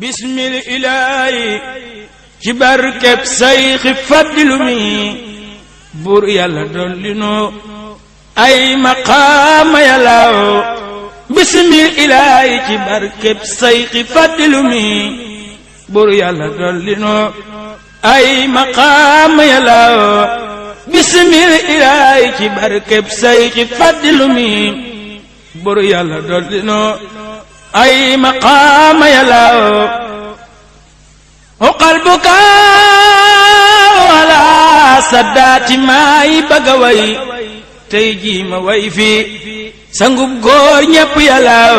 bismil ilaahi ci yàlla ay maqaama yàllaw bismil ilaahi ci barkeb sayxi faddilu mi buur yàlla ay maqaama yàllaw bismil ilaahi ci barkeb sayxi faddilu mi buur yàlla ay maqama ya law o qalbuka wala sadati mai bagawai tayji ma way fi sangub go ñep ya law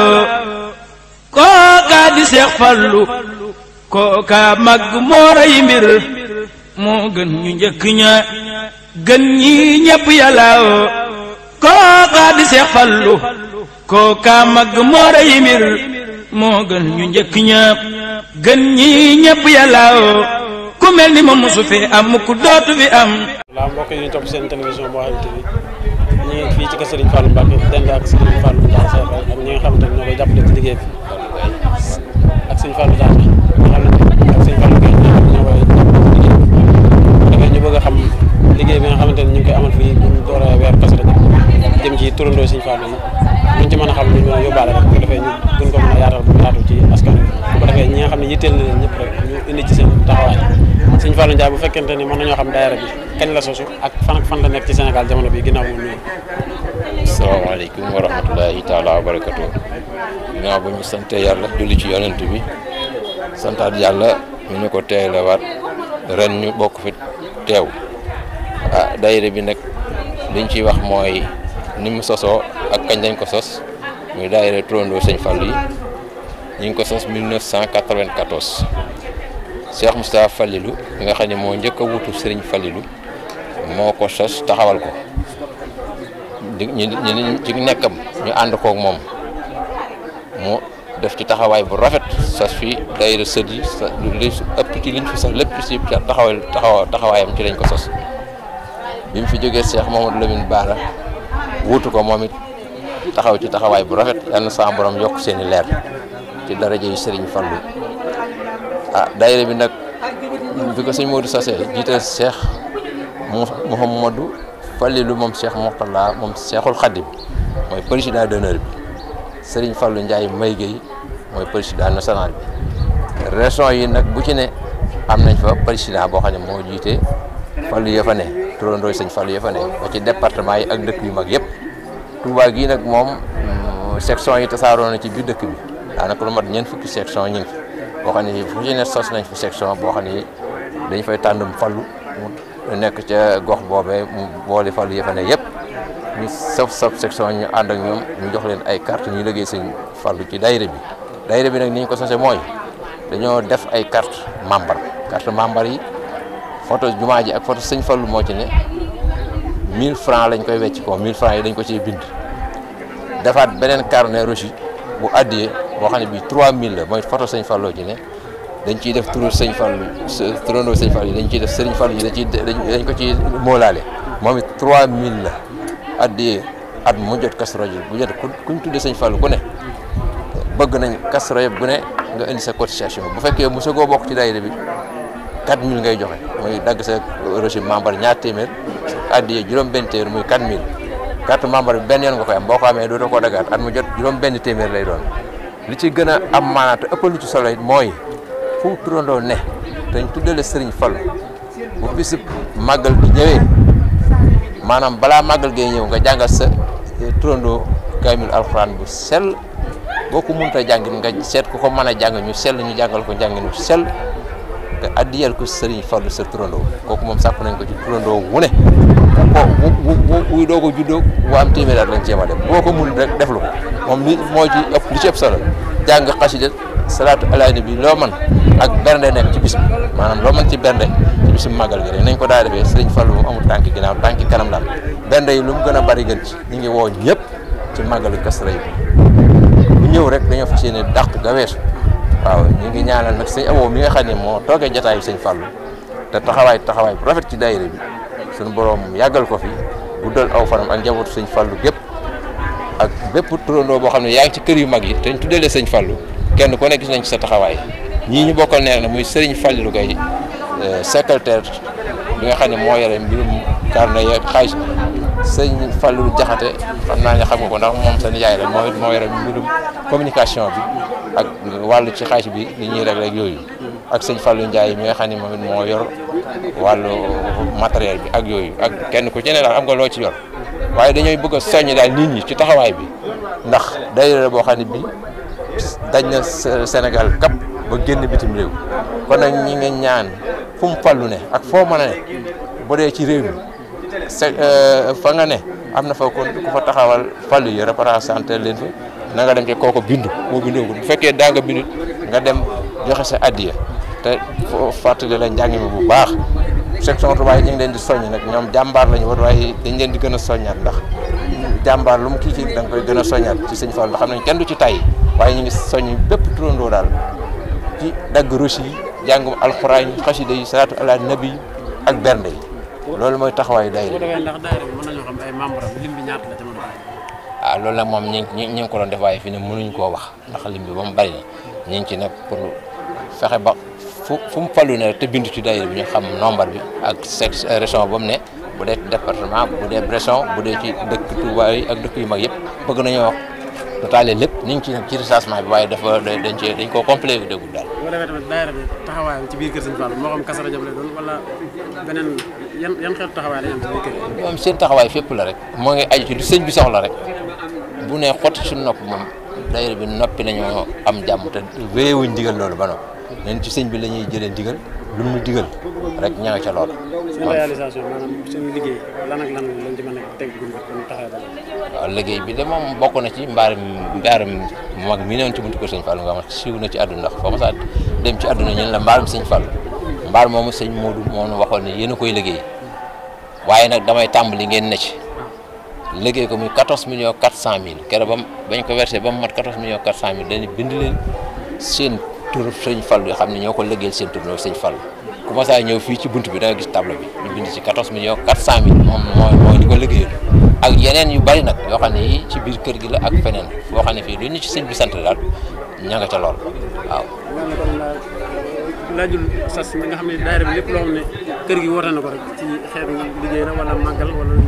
ko ka di sheikh fallu ko ka mag mo ray ya law ko ka kookaa mag mo rey mir mo gën ñu ñëk ñëpp gën ñi ñëpp o ku melni ni moom fi am ku dootu bi am la mbokk ñu top seen télévision bo xam ci Serigne Mbacke ak Serigne ak ñi xam tan ñoy japp ci liggéey ak Serigne ak Serigne ñu bëgg xam liggéey bi nga ñu koy amal ñu jëm ci Serigne luñ ci mën a xam luñ mën yóbbaale rek ko defee ñu gën ko mën a yaatal bu yaatu ci askan bu ko defee ñi nga xam ne yitteel na leen ñëpp rek ñu indi ci seen taxawaay Sëñ bu fekkente ni moom mën nañoo xam daayira bi kañ la sosu ak fan ak fan la nekk ci Sénégal jamono bi ginnaaw bu wa rahmatulahi wa barakatu ginnaaw bu ñu sante yàlla julli ci yonent bi santaat yàlla ñu ñu ko teelewaat ren ñu bokk fi teew ah bi nag liñ ciy wax mooy ni mu sosoo ak kañ lañ ko sos muy daayira turandoo sëñ Fall yi ñu ngi ko sos 1994 Cheikh Moustapha Fallilu nga xam ne moo njëkk a wutu sëriñ Fallilu moo ko sos taxawal ko di ñu ci nekkam ñu moom mu def ci taxawaay bu rafet sos fi daayira sët yi li ëpp ci liñ fi sos lépp ci taxawal taxawa taxawaayam ci lañ ko sos bi mu fi jógee Cheikh Mamadou Lamine Bara wuutu ko moom it taxaw ci taxawaay bu rafet yal na boroom borom yokk seen i leer ci daraja yu Serigne Fallou ah daayira bi nag bi ko sëñ Modou Sassé jiite Cheikh Mouhamadou lu moom Cheikh Mourtala moom Cheikhul Khadim mooy président d'honneur bi Serigne Fallou Ndiaye May Gueye mooy président national bi région yi nag bu ci ne am nañ fa président boo xam ne moo jiite Fallou ya fa ne turandoo sëñ Fallou ya fa ne ba ci département yi ak dëkk yu mag yëpp. Touba gii nag moom mm, section yi tasaaroo na ci biir dëkk bi daanaka lu mat ñeent fukki section ñu ngi boo xam ne fu ci ne sos nañ fi section boo xam ne dañu fay tàndum fallu mu nekk ca gox boobee mu boole falu yi fa ne yëpp ñu saf saf section ñu ànd ak ñoom ñu jox leen ay carte ñu liggéey seen fallu ci daayira bi daayira bi nag ni ko sosee mooy dañoo def ay carte membre carte membre yi photo jumaa ji ak photo sëñ fallu moo ci ne 1000 francs lañ koy wecc ko 1000 francs yi dañ ko ciy bind defaat beneen carnet reçu bu addiyee boo xam ne bii 3000 la mooy photo sëñ Fallou ne dañ ciy def turu sëñ Fallou bi sëñ Fallou yi dañ ciy def sëriñ Fallou ji dañ ciy dañ ko ciy moolaale moom it mille la addiyee at mu jot Kazu bu jot ku ñu tuddee sëñ Fallou ku ne bëgg nañ Kazu Rajab bu ne nga indi sa cotisation bu fekkee mosagoo bokk ci daayira bi 4000 ngay joxe mooy dagg sa reçu membre ñaar téeméer addiya juróom-benn téeméer muy 4000 carte membre bi benn yoon nga koy am boo ko amee dootoo ko dagaat at jot juróom-benn téeméer lay doon li ci gën a am maanaam ëppal lu ci solo it mooy fu turandoo ne te ñu tuddale Serigne Fallou bu bisib màggal gi ñëwee maanaam balaa màggal gee ñëw nga jàngal sa turandoo kaamil alxuraan bu sell boo ko mënut a jàngin nga seet ku ko mën a jàng ñu sell ñu jàngal ko jàngin ñu sell nga addiyal ko Serigne Fallou sa turandoo kooku moom sàpp nañ ko ko wu doo ko juddoo bu am téeméer at lañ cee ma def boo ko mun rek def lu ko moom li moo ci ëpp li ci ëpp solo jàng xasida salaatu ala nabi loo man ak bernde nekk ci bis bi maanaam loo man ci bernde ci bisu màggal gi rek nañ ko daa defee sëriñ Fallu moom amul tànk ginnaaw kanam daal bernde yi lu mu gën bari gën ci ñu ngi woo ñëpp ci màggalu Kazu Rajab bu ñëw rek dañoo fas yéene dàq ga weesu waaw ñu ngi ñaanal nag sëñ Abo mi nga xam ne moo toogee jataayu Fallu te taxawaay taxawaay rafet ci daayira bi suñu borom yàggal ko fi guddal aw fanam ak njabootu sëñ Fallou gépp ak bépp turandoo boo xam ne yaa ngi ci kër yu mag yi te ñu tuddee la sëñ Fallou kenn ku nekk gis nañ ci sa taxawaay ñii ñu bokkal neex na muy Serigne Fallou Gaye euh, secrétaire bi nga xam ne moo yore mbirum carnet yeeg xaalis sëñ fallu Jaxate xam naa ne xam nga ko ndax moom seen yaay la moo moo yore mbirum communication bi ak wàll ci xaalis bi ni ñuy rek rek yooyu. ak sëñ Fallou Ndiaye mi nga xam ne moom it moo yor wàllu matériel bi ak yooyu ak kenn ku ci ne daal am nga loo ci yor waaye dañooy bëgg a soññ daal nit ñi ci taxawaay bi ndax daayira la boo xam ne bi dañ na Sénégal kap ba génn bitim réew kon nag ñi nga ñaan fu mu fallu ne ak foo man a ne bu dee ci réew mi euh, fa nga ne am na fa ku fa taxawal falu yi représenté leen fa na nga dem ci kooku bindu moo bindoo bu fekkee daa nga bindut nga dem joxe sa addiya te fàttali la njàng mi bu baax section Touba ñu ngi leen di soññ nag ñoom jàmbaar lañu war waaye dañ leen di gën a soññaat ndax jàmbaar lu mu kii ci da koy gën a soññaat ci sëñ Fall ndax xam nañ kenn du ci tay waaye ñu ngi soññ bépp turandoo daal ci dagg rusi yi jàngum alxuraan yi xasida yi salaatu nabi ak bernde yi loolu mooy taxawaayu daayira ah loolu na moom ñu ngi ñu ngi ko doon def waaye fi ne mënuñ koo wax ndax lim bi ba mu bari ñu ngi ci nag Il ba fu fu ne te ñu nombre bi ak sexe euh, région ba bon bu département bu dee région bu dee ci dëkk Touba yi ak On yu mag yëpp bëgg nañoo wax totaale lépp ñu ci ci recensement bi waaye dafa dañ cee dañ koo complété dégul daal. bu ko tamit daayira bi ci biir kër Fall xam la doon wala beneen yan yan xeetu un la ñu ci kër yi. un seen taxawaay fépp la rek moo ngi aju ci bi soxla rek bu suñu daayira bi neen ci sëñ bi lañuy jëlee ndigal lu mu nu digal rek ña nga ca loolu. seen réalisation ci mën a bu ñu taxawee bi de moom na ci mbaaram mbaaram mag mi newoon ci ti kër sëñ Fall nga xam siiw na ci àdduna ndax foo ma saa dem ci àdduna ñun la mbaaram sëñ Fall mbaar moomu sëñ Modou moo nu waxoon ne yéen a koy liggéey waaye nag damay tàmbali ngeen ne ci liggéey ko muy 14 millions cent mille keroog ba bañ ko versé ba mu mat 14 millions 400 mille dañu bind leen seen. tur sëñ fal yoo xam ne ñoo ko lëggeel seen tur sëñ fal ku saa ñëw fii ci bunt bi da nga gis table bi ñu bind ci 14 millions 400 mille moom mooy mooy ñu ko lëggeel ak yeneen yu bari nag yoo xam ne yi ci biir kër gi la ak feneen boo xam ne fii lu ñu ci bi sant daal ña nga ca lool waaw. kër gi woote na ko rek ci xeetu liggéey la wala màggal wala lu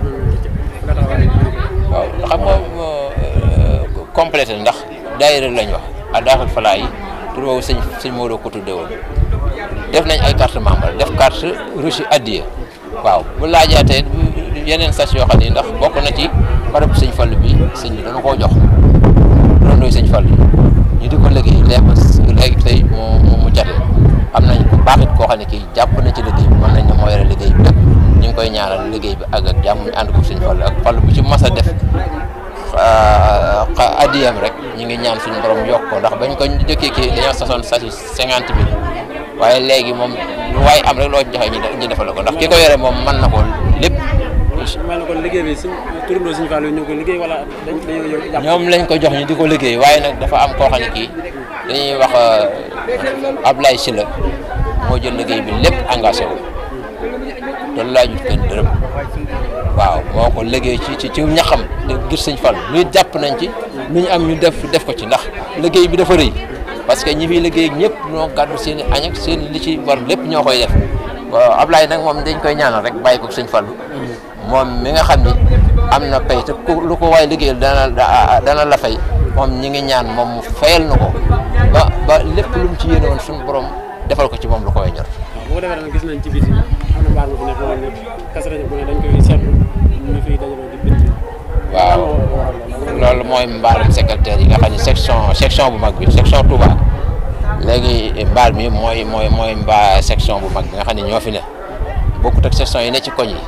waaw xam nga euh, complété ndax daayira lañ yi tur woowu sëñ sëñ Modou ko tuddee woon def nañ ay carte membre def carte reçu addiya waaw bu laajaatee yeneen sas yoo xam ne ndax bokk na ci barabu sëñ fal bi sëñ bi dañu koo jox rondooy sëñ Fall ñu di ko liggéey léegi léegi tey mu mu jate am nañ ku baax koo xam ne kii jàpp na ci liggéey bi mën nañ ne moo yore liggéey bi ñu koy ñaanal liggéey bi ak ak ñu ànd ko sëñ Fall ak Fall bu ci mas def Euh, addiyam rek ñu ngi ñaan suñu borom yokk ko ndax bañ ko njëkkee kii dañoo sasoon sasu cinquante mille waaye léegi moom lu waaye am rek loo joxe ñu defal ko ndax ki ko moom man na ko lépp. mën na ko liggéey bi suñ turandoo suñu Fallou ñoo ko liggéey wala dañ ñoom lañ ko jox ñu di ko liggéey waaye nag dafa am koo xam kii dañuy wax euh, Ablaye la moo jël liggéey bi lépp engagé wu. te laajut kenn dërëm waaw moo ko liggéey ci ci ci ñaxam te ngir sëñ Fall luy jàpp nañ ci lu ñu am ñu def def ko ci ndax liggéey bi dafa rëy parce que ñi fiy liggéey ñëpp ñoo gàddu seen i añ li ci war lépp ñoo koy def ab laay nag moom dañ koy ñaanal rek bàyyi ko sëñ Fall moom mi nga xam ni am na pay te ko lu ko waaye liggéeyal dana dana la fay moom ñi ngi ñaan moom mu fayal na ko ba ba lépp lu mu ci yéene woon suñu borom defal ko ci moom lu koy ñor. ko defee ñëpp Kazu Rajab bu ne dañ koy seetlu ñu fiy waaw loolu mooy mbaalum secrétaire yi nga xam ne section section bu mag bi section Touba léegi mbaal mi mooy mooy mooy mbaa section bu mag bi nga xam ne ñoo fi ne bokkut ak section yi ne ci koñ yi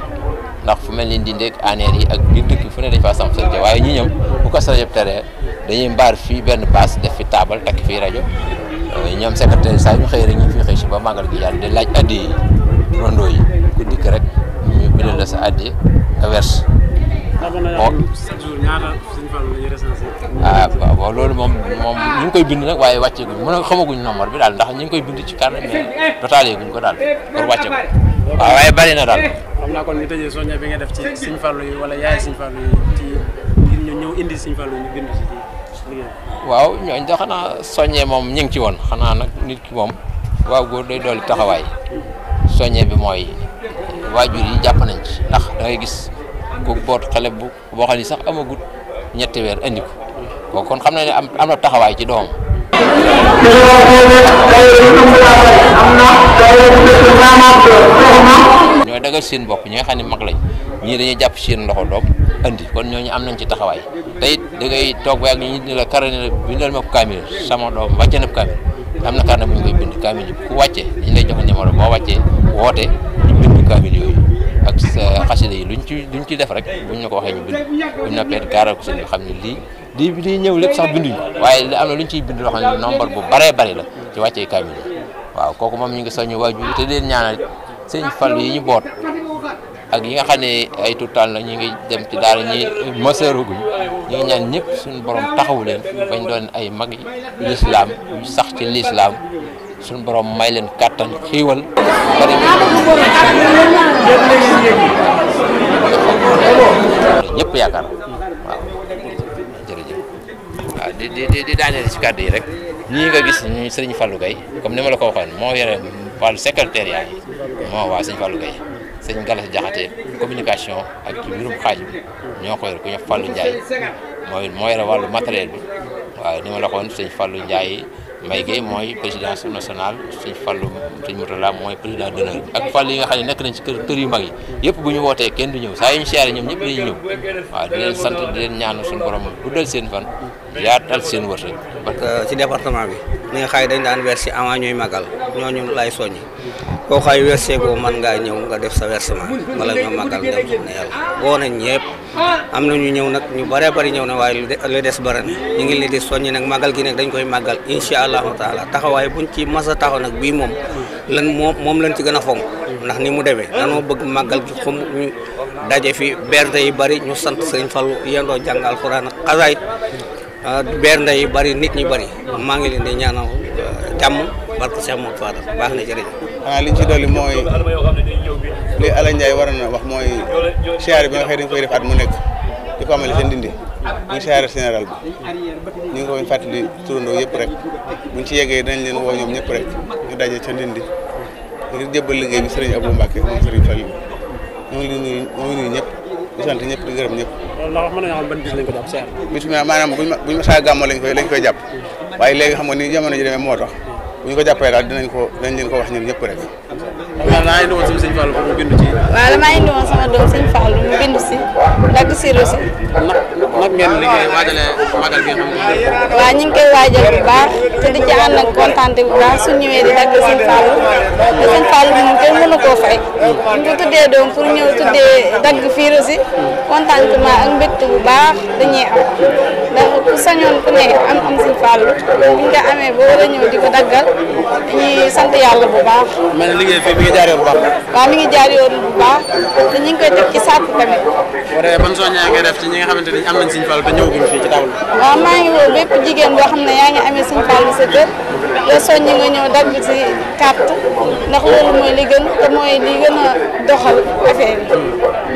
ndax fu mel ni Ndindeeg aneer yi ak di dëkk fu ne dañ faa samp secrétaire waaye ñi ñëw bu Kazu Rajab teree dañuy mbaar fii benn baas def fi taabal takk fii rajo ñoom secrétaire yi saa ñu xëy rek ñu fi xëy si ba màggal gi yàlla di laaj addi turandoo yi dikk rek ñu bindal la sa addi nga verse ah waaw waaw loolu moom moom ñu koy bind nag waaye wàccee guñ mën a xamaguñ nombre bi daal ndax ñu ngi koy bind ci carnet mais total guñ ko daal pour wàcce ko waaye bari na daal xam naa kon ñu tëjee soññe bi nga def ci Sëñ Fallu yi wala yaay Sëñ Fallu yi ci ngir indi Sëñ Fallu ñu bind ci waaw ñooñ da xanaa soññee moom ñu ngi ci woon xanaa nag nit ki moom waaw góor day dooli taxawaay soññee bi mooy waajur yi jàpp nañ ci ndax da gis ku boot xale bu boo xam ni sax amagut ñetti weer indi ko kon xam na ne am am na taxawaay ci doom ñooy dagal seen bopp ñi nga xam ne mag lañ ñii dañuy jàpp seen loxo doom andi kon ñooñu am nañ ci taxawaay te it da ngay toog ba ak ñu ñu la kara ne la bindal ma sama doom wàcce na ko am na carnet bu ñu koy bind kaamil yi ku wàccee ñu lay jox numéro boo wàccee woote ñu bind kaamil yooyu ak sa xasida yi luñ ci luñ ci def rek buñ ñu ko waxee ñu bind buñ na peet gaaral ko suñu xam ne lii lii lii ñëw lépp sax binduñu waaye li am na luñ ciy bind loo xam ne nombre bu baree bari la ci wàccee kaamil yi waaw kooku moom ñu ngi ñu waajur te leen ñaanal seen Fall yi ñu boot ak yi nga xam ne ay tuutaan la ñu ngi dem ci daal ñi mësëruguñ ñu ngi ñaan ñëpp suñu borom taxawu leen bañ doon ay mag yi lislaam ñu sax ci lislaam suñu borom may leen kàttan xiiwal bari ñëpp yaakaar waaw jërëjëf di di di daaneel ci yi rek ñii nga gis ñu Serigne Fallou Gueye comme ni ma la ko waxoon moo yore wàllu secrétaire yaa yi moo waa Serigne Fallou Gueye sëñ Galas Jaxate communication ak ci mbirum xaaj bi ñoo ko yor ku ñu Fallou Ndiaye mooy moo yore wàllu matériel bi waaye ni ma la waxoon sëñ Fallou Ndiaye Mbaye Guèye mooy président nationale sëñ Fallou sëñ Mourtala mooy président d'honneur bi ak Fallou yi nga xam ne nekk nañ ci kër kër yu mag yi yëpp bu ñu wootee kenn du ñëw saa yu siyaare ñoom ñëpp dañuy ñëw waaw di leen sant di leen ñaanu suñu borom guddal seen fan yaatal seen wërsëg. parce que ci département bi ni nga xay dañ daan verser avant ñooy màggal ñooñu lay soññi koo xay verser ko man ngaa ñëw nga def sa versement wala ñoo màggal dem soxna nañ ñëpp am na ñu ñëw nag ñu bëree bëri ñëw na waaye lu des bëri na ñu ngi leen di soññi nag màggal gi nag dañ koy màggal incha allahu taala taxawaay buñ ci mas taxaw nag bii moom lan moom moom lañ ci gën a fonk ndax ni mu demee danoo bëgg màggal gi xum daje fi berde yi bari ñu sant sëñ Fallu yendoo jàng alxuraan ak xasaayit Ah, bernde yi bari nit ñi bari maa ngi leen di ñaanal ah, jàmm barke Cheikh Mouhamed Fadal baax na jërëjëf. xanaa ah, li ñu ci dolli mooy li Alla Ndiaye waroon na wax mooy siyaare bi nga xëy dañ koy def at mu nekk di ko amale seen dindi muy siyaare bi ñu ngi koy fàttali turandoo yëpp rek buñ ci yeggee dinañ leen woo ñoom ñëpp rek ñu daje ca ndindi ngir jébbal liggéey bi Serigne Abou Mbacke moom ñu di sant ñëpp di gërëm ñëpp. loolu ndax mën mi maanaam buñ ma buñ ma saa gàmmoo lañ koy jàpp waaye léegi xam nga ni jamono ji moo tax bu ko jàppee daal dinañ ko dinañ leen ko wax ñun ñëpp rek. waaw maa ngi indi woon sama sëñ Fallou mu bindu si dagg si rosi. nag nag ngeen liggéey waajalee magal gi xam nga. waaw ñu ngi di ci ànd ak kontaan bu dee doom pour ñëw tuddee dagg fii aussi contentement ak mbégte bu baax dañuy am ndax ku sañoon ku ne am am si fàllu ñu nga a ñëw di ko daggal dañuy sant yàlla bu baax. ma ne liggéey fii mi ngi jaar yoon bu baax. waaw mi ngi jaar yoon bu baax te ñu ngi koy teg ci sàpp tamit. maa ngi woo sa kër nga soññi nga ñëw dagg si carte ndax loolu mooy li gën te mooy li gën a doxal affaire yi.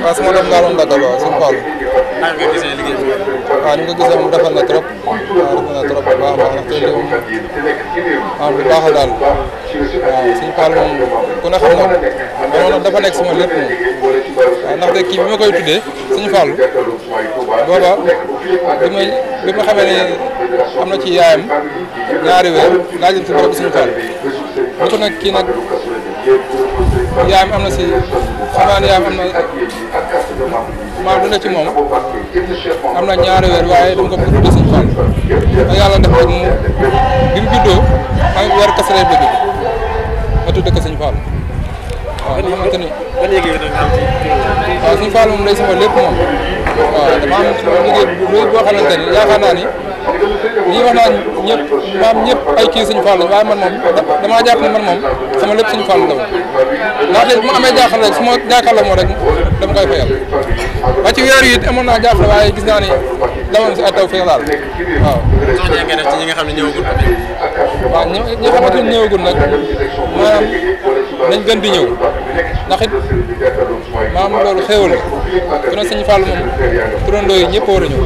waaw su ma dem Ngalom Dagal waaw Sëñ Fallu. naa ngi ko gisee liggéey bi. waaw ni nga gisee mu defal na trop rafet na trop bu baax a baax ndax tey moom waaw bu baax la daal waaw suñu Fall moom ku a xam na moom dafa nekk sama lépp moom waaw ndaxte kii bi ma koy tuddee suñu Fall booba bi ma bi ma xamee ne am na ci yaayam ñaari weer laa jëm si bopp suñu Fall bu ko nag kii nag yaayam am na si xam naa ne yaayam am na. maa dina ci moom am na ñaari weer waaye dama ko bëgg sëñ Fall ba yàlla def rek mu bi mu juddoo maa ngi weer kese lay bëgg ma tudd ko sëñ Fall waaw nga xamante ni waaw sëñ Fall moom day sama lépp moom waaw dama am liggéey boo xamante ni yaakaar naa ni lii wax naa ñëpp maam ñëpp ay kii suñu Fall lañ waaye man moom damaa jàpp ne man moom sama lépp suñu Fall la woon ndaxte bu ma amee jaaxal rek su ma jàkkaarloo moo rek dama koy fayal ba ci weer yi it amoon naa jaaxle waaye gis naa ni dama si ay taw feex daal waaw. soññee nga def ci ñi nga xam ne ñëwagul waaw ñi ñi xamante ne nañ gën di ñëw ndax it maam loolu xéewal la kon suñu Fall moom turandoo yi ñëpp war a ñëw.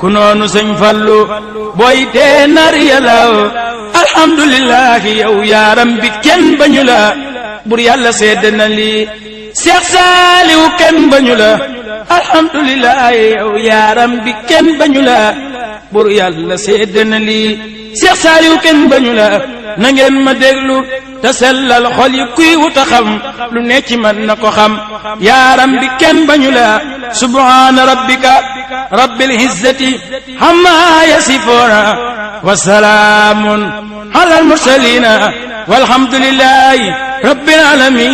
ku noonu sëñ fallu booy tee nar yàllaw alhamdulilahi yow yaaram bi kenn bañula la bur yàlla seede na lii seex saaliw kenn bañu la alhamdulilahi bi kenn bañu la bur yàlla seede na lii seex saaliw kenn bañu la na ngeen ma déglu te sellal xol yi kuy wuta xam lu ne ci man na ko xam yaaram bi kenn bañu la subhaana rabbika رب العزة عما يصفون وسلام على المرسلين والحمد لله رب العالمين